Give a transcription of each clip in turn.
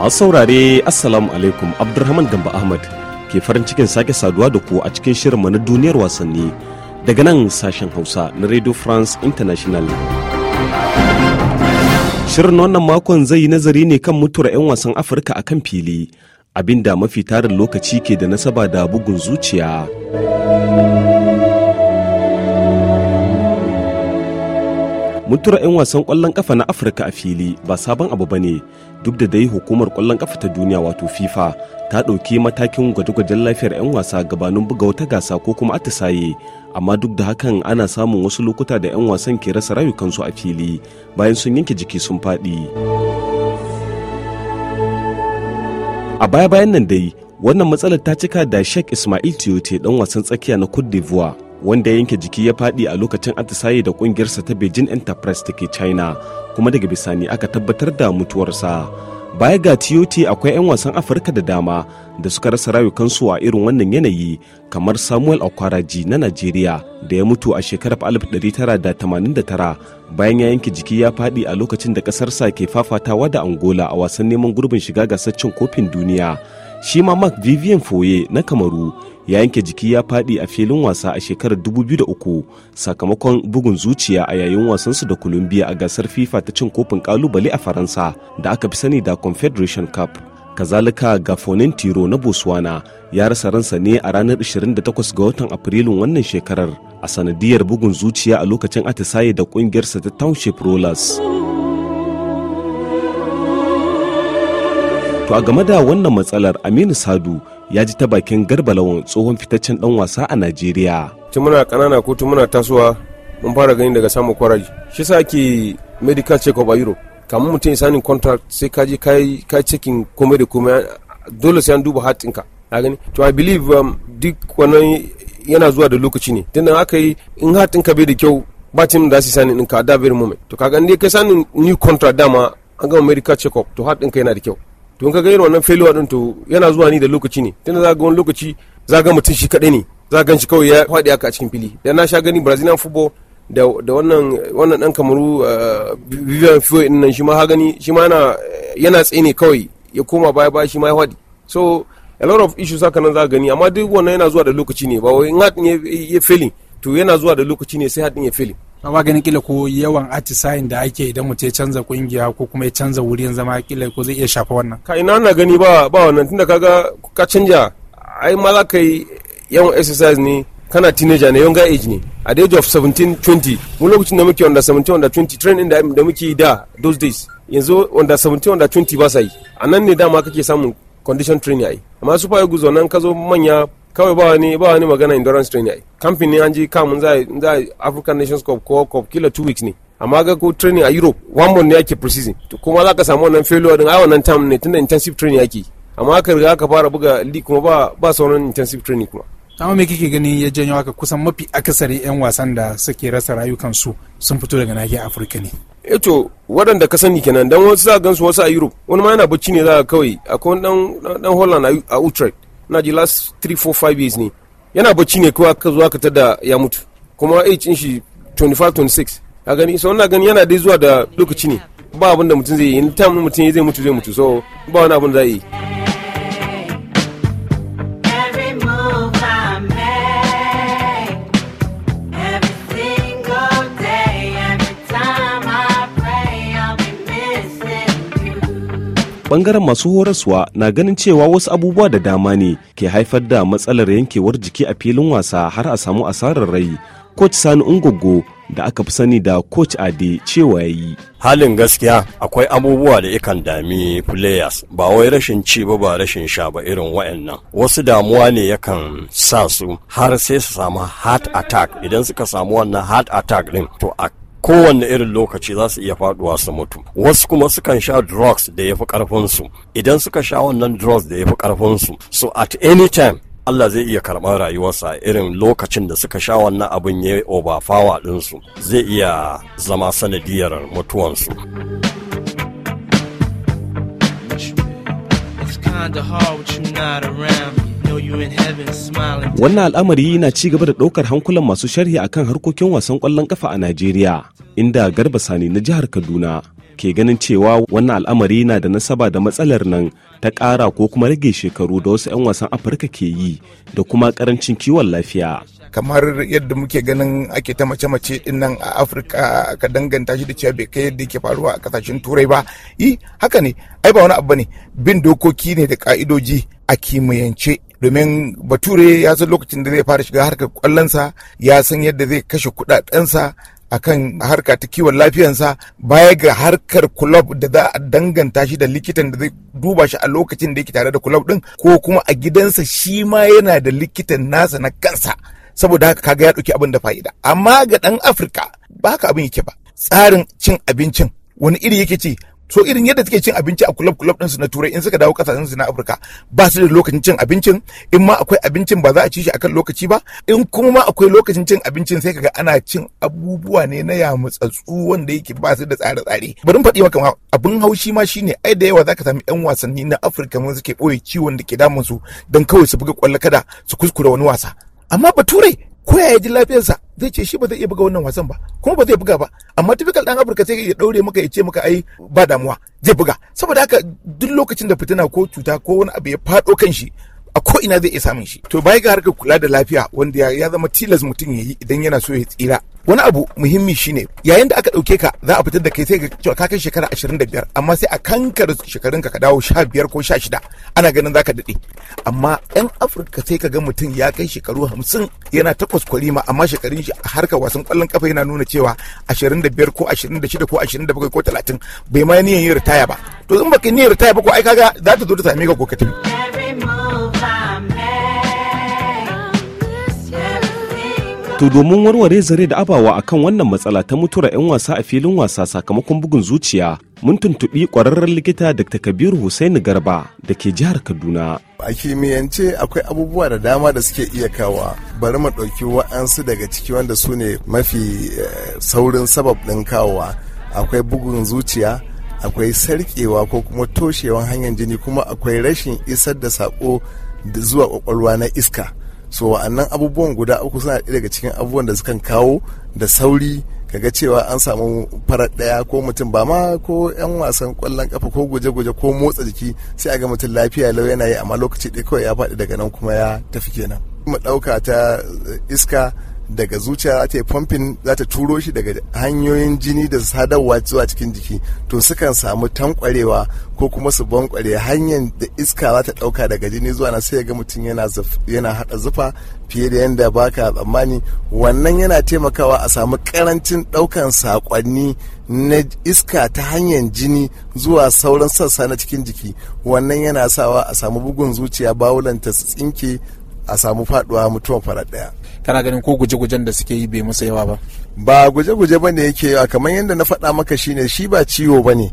masu saurare assalamu alaikum abdulrahman gamba ahmad ke farin cikin sake saduwa da ku a cikin shirinmu na duniyar wasanni daga nan sashen hausa na radio france international shirin wannan makon zai yi nazari ne kan mutuwar 'yan wasan afirka a kan fili abinda mafi tarin lokaci ke da nasaba da bugun zuciya mutuwar 'yan wasan kwallon kafa na afirka a fili ba sabon abu ba ne duk da dai hukumar kwallon kafa ta duniya wato fifa ta ɗauki matakin gwaje-gwajen lafiyar 'yan wasa gabanin buga wata gasa ko kuma atisaye amma duk da hakan ana samun wasu lokuta da 'yan wasan ke rasa rayukansu a fili bayan sun yanke jiki sun faɗi a baya-bayan nan dai wannan matsalar ta cika da sheikh ismail tiyote dan wasan tsakiya na cote d'ivoire wanda ya yanke jiki ya fadi a lokacin atisaye da kungiyarsa ta beijing enterprise take china kuma daga bisani aka tabbatar da mutuwarsa baya ga tot akwai 'yan wasan afirka da dama da suka rasa su a irin wannan yanayi kamar samuel okwaraji na nigeria da ya mutu a shekarar 1989 bayan ya yanke jiki ya fadi a lokacin da ƙasarsa ke fafatawa da angola a wasan neman gurbin shiga gasar cin kofin duniya shi ma mark vivian foye na kamaru ya yanke jiki ya fadi a filin wasa a shekarar 2003 sakamakon bugun zuciya a yayin wasansu da kulumbiya a gasar FIFA ta cin kofin kalubale a Faransa da aka fi sani da Confederation Cup. Kazalika ga Gafonin Tiro na Botswana ya rasa ransa ne a ranar 28 ga watan Afrilun wannan shekarar a sanadiyar bugun zuciya a lokacin atisaye da ƙungiyarsa ta Township Rollers. To a game da wannan matsalar Aminu Sadu ya ji ta bakin garbalawan tsohon fitaccen dan wasa a najeriya tun muna kanana ko tun muna tasowa mun fara gani daga samun kwaraji shi sa ake medical check up a euro kamun mutum sani contract sai ka je ka yi cikin komai da komai dole sai an duba hatinka Na gani to i believe um, duk wannan yana zuwa da lokaci ne tunda aka yi in ka bai da kyau ba tim da su sani ɗinka a da very moment to kaga ne kai sani new contract dama an gama medical check up to ka yana da kyau to in ka ga irin wannan failure din to yana zuwa ni da lokaci ne tunda za ga wani lokaci za ga mutum shi kadai ne za gan shi kawai ya faɗi aka a cikin fili da na sha gani brazilian football da wannan wannan dan kamaru eh, vivian fio din nan shi ma ha gani shi ma yana yana ne kawai ya koma baya baya shi ma ya faɗi so a lot of issues haka nan za gani amma duk wannan yana zuwa da lokaci ne ba wai in ya failing to yana zuwa da lokaci ne sai hat ya failing ba ganin kila ko yawan atisayin da ake idan mutum ya canza kungiya ko kuma ya canza wurin zama kila ko zai iya shafa wannan ka ina na gani ba ba wannan tunda kaga ka canja ai ma za ka yi yawan exercise ne kana teenager ne younger age ne a the age of 17 20 mu lokacin da muke wanda 17 wanda 20 training da da muke da those days yanzu wanda 17 wanda 20 ba sa yi a nan ne dama kake samun condition training ai amma super eagles wannan ka zo manya kawai ba wani ba wani magana endurance training ai kamfin ne an ji kamun za za African Nations Cup ko Cup kila two weeks ne amma ga ko training a Europe one month ne ake precision to kuma za ka samu wannan failure din a wannan time ne tunda intensive training ake amma ka riga ka fara buga league kuma ba ba sauran intensive training kuma amma me kike ganin ya janyo haka kusan mafi akasari yan wasan da suke rasa rayukansu sun fito daga nahiyar Afirka ne eto eh waɗanda ka sani kenan dan wasu za gansu wasu a Europe wani ma yana bacci ne za ka kawai akwai dan dan Holland a Utrecht na ji last 3 4 5 years ne yana bacci ne kawai aka zo aka tada ya mutu kuma age din shi 25 26 a gani so gani yana dai zuwa da lokaci ne ba abin da mutum zai yi in time mutum zai mutu zai mutu so ba wani abin da za yi bangaren masu horaswa na ganin cewa wasu abubuwa da dama ne ke haifar da matsalar yankewar jiki a filin wasa har a samu asarar rai coach sani ungogo da aka fi sani da coach ade cewa ya yi halin gaskiya akwai abubuwa da ikan dami players ba wai rashin ci ba ba rashin sha ba irin wa'annan wasu damuwa ne yakan sa su har sai su samu heart attack idan suka samu wannan heart attack din to a kowanne irin lokaci za su iya faduwa su mutu wasu kuma sukan sha drugs da ya fi karfinsu idan suka sha wannan drugs da ya fi ƙarfinsu. so at any time Allah zai iya karɓar rayuwarsa irin lokacin da suka sha wannan abin ya overpower ɗinsu zai iya zama sanadiyar mutuwansu. It's kinda hard with you not around. Wannan al'amari na ci gaba da ɗaukar hankulan masu sharhi a kan harkokin wasan ƙwallon ƙafa a Najeriya, inda Garba Sani na jihar Kaduna ke ganin cewa wannan al'amari na da nasaba da matsalar nan ta ƙara ko kuma rage shekaru da wasu 'yan wasan Afirka ke yi da kuma ƙarancin kiwon lafiya. kamar yadda muke ganin ake ta mace-mace dinnan a afirka ka danganta shi da cewa bai kai yadda ke faruwa a kasashen turai ba yi haka ne ai ba wani abu ne bin dokoki ne da ka'idoji a kimiyance domin bature ya san lokacin da zai fara shiga harkar kwallonsa ya san yadda zai kashe kudadensa kan harka ta kiwon lafiyansa baya ga harkar kulob da za a danganta shi da likitan da zai duba shi a lokacin da yake tare da kulob din ko kuma a gidansa shi ma yana da likitan nasa na kansa saboda haka kaga ya dauki abin da fa'ida amma ga dan afirka ba haka abin yake ba tsarin cin abincin wani iri yake ce so irin yadda suke cin abinci a kulob-kulob kulab su na turai in suka dawo kasashen su na afirka ba su da lokacin cin abincin in ma akwai abincin ba za a ci shi akan lokaci ba in kuma ma akwai lokacin cin abincin sai kaga ana cin abubuwa ne na yamutsatsu wanda yake ba su da tsare-tsare bari in faɗi maka ma abin haushi ma shine ai da yawa zaka samu yan wasanni na afirka mun suke ɓoye ciwon da ke damun su don kawai su buga kwallo kada su kuskure wani wasa amma bature ko ya ji lafiyarsa zai ce shi ba zai iya buga wannan wasan ba kuma ba zai buga ba amma typical dan afirka sai ya daure maka ya ce maka ai ba damuwa zai buga saboda haka duk lokacin da fitina ko cuta ko wani abu ya fado kan shi a ko ina zai iya samun shi to bai ga harkar kula da lafiya wanda ya zama tilas mutum ya yi idan yana so ya tsira wani abu muhimmi shine yayin da aka ɗauke ka za a fitar da kai sai ga cewa ka kai shekara 25 amma sai a kankar shekarun ka dawo 15 ko 16 ana ganin zaka daɗe amma yan afirka sai ka ga mutum ya kai shekaru 50 yana takwas kwalima amma shekarun shi a harkar wasan kwallon kafa yana nuna cewa 25 ko 26 ko 27 ko 30 bai ma niyan yin ritaya ba to in baka niyan ritaya ba ko ai kaga za ta zo ta same ka ko ka tafi To domin warware zare da abawa akan wannan matsala ta mutura 'yan wasa a filin wasa sakamakon bugun zuciya, mun tuntuɓi ƙwararren likita Dr. Kabiru Hussaini Garba da ke jihar Kaduna. A kimiyyance akwai abubuwa da dama da suke iya kawa bari mu ɗauki wa'ansu daga ciki wanda su ne mafi eh, saurin sabab ɗin kawowa. Akwai bugun zuciya, akwai sarƙewa ko kuma toshewan hanyar jini kuma akwai rashin isar da saƙo zuwa ƙwaƙwalwa na iska. so wa'annan abubuwan guda uku suna daga cikin abubuwan da sukan kawo da sauri kaga cewa an samu farar daya ko mutum ba ma ko yan wasan kwallon kafa ko guje-guje ko motsa jiki sai a ga mutum lafiya lau yana yi amma lokaci ɗaya kawai ya faɗi daga nan kuma ya tafi kenan mu ɗauka ta iska daga zuciya za ta yi pumping za ta turo shi daga hanyoyin jini da sadarwa zuwa cikin jiki to sukan samu tankwarewa ko kuma su bankware hanyar da iska za ta dauka daga jini zuwa na sai ga mutum yana yana hada zufa fiye da yadda baka tsammani wannan yana taimakawa a samu karancin daukan sakonni na iska ta hanyar jini zuwa sauran sassa na cikin jiki wannan yana sawa a samu bugun zuciya bawulanta su tsinke a samu faduwa mutuwan farat daya kana ganin ko guje-gujen da suke yi bai masa yawa ba ba guje-guje ba ne yake yawa kamar yadda na faɗa maka shine shi ba ciwo ba ne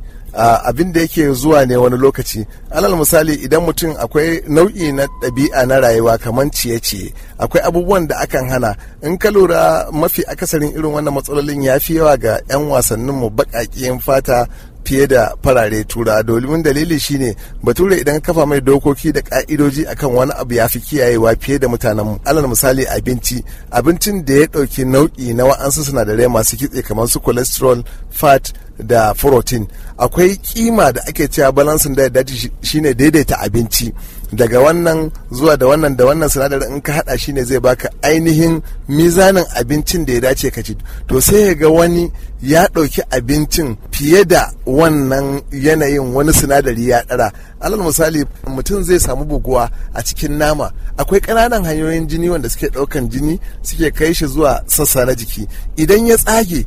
abin da yake zuwa ne wani lokaci alal misali idan mutum akwai nau'i na ɗabi'a na rayuwa kamar ciye-ciye akwai abubuwan da akan hana in ka lura mafi akasarin irin wannan matsalolin ya fi yawa ga 'yan wasannin mu baƙaƙiyan fata fiye da farare tura domin dalili shine bature idan kafa mai dokoki da ka'idoji akan wani abu ya fi kiyayewa fiye da mutanenmu alal misali abinci abincin da ya ɗauki nau'i na wa'ansu sinadarai masu kitse kamar su cholesterol fat da protein akwai kima da ake cewa balansin da ya dace shine daidaita abinci daga wannan zuwa da wannan da wannan sinadarin in ka hada shi ne zai baka ainihin mizanin abincin da ya dace ka ci to sai ya ga wani ya ɗauki abincin fiye da wannan yanayin wani sinadari ya ɗara alal misali mutum zai samu buguwa a cikin nama akwai ƙananan hanyoyin jini wanda suke ɗaukan jini suke kai shi zuwa sassa na jiki idan ya tsage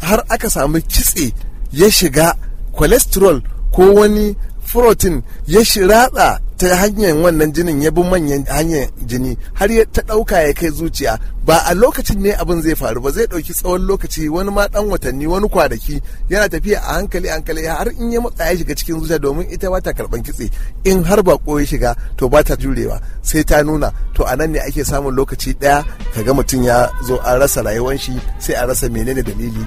har aka samu kitse ya shiga cholesterol ko wani protein ya shiratsa ta hanyar wannan jinin ya bi manyan hanyar jini har ya ta ɗauka ya kai zuciya ba a lokacin ne abin zai faru ba zai ɗauki tsawon lokaci wani ma ɗan watanni wani kwanaki yana tafiya a hankali hankali har in ya matsa ya shiga cikin zuciya domin ita ba ta karɓan kitse in har ba ya shiga to ba ta jurewa sai ta nuna to a nan ne ake samun lokaci ɗaya ga mutum ya zo a rasa rayuwar shi sai a rasa menene dalili.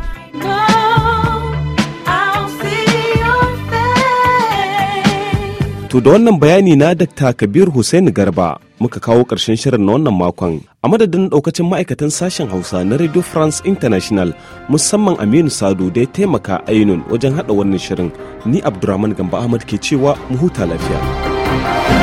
To da wannan bayani na Dr. Kabir Hussein Garba muka kawo ƙarshen shirin na wannan makon a madadin ɗaukacin ma'aikatan sashen Hausa na Radio France International musamman Aminu Sado da ya taimaka ainun wajen haɗa wannan shirin ni Abdulrahman Gamba Ahmad ke cewa mu huta lafiya.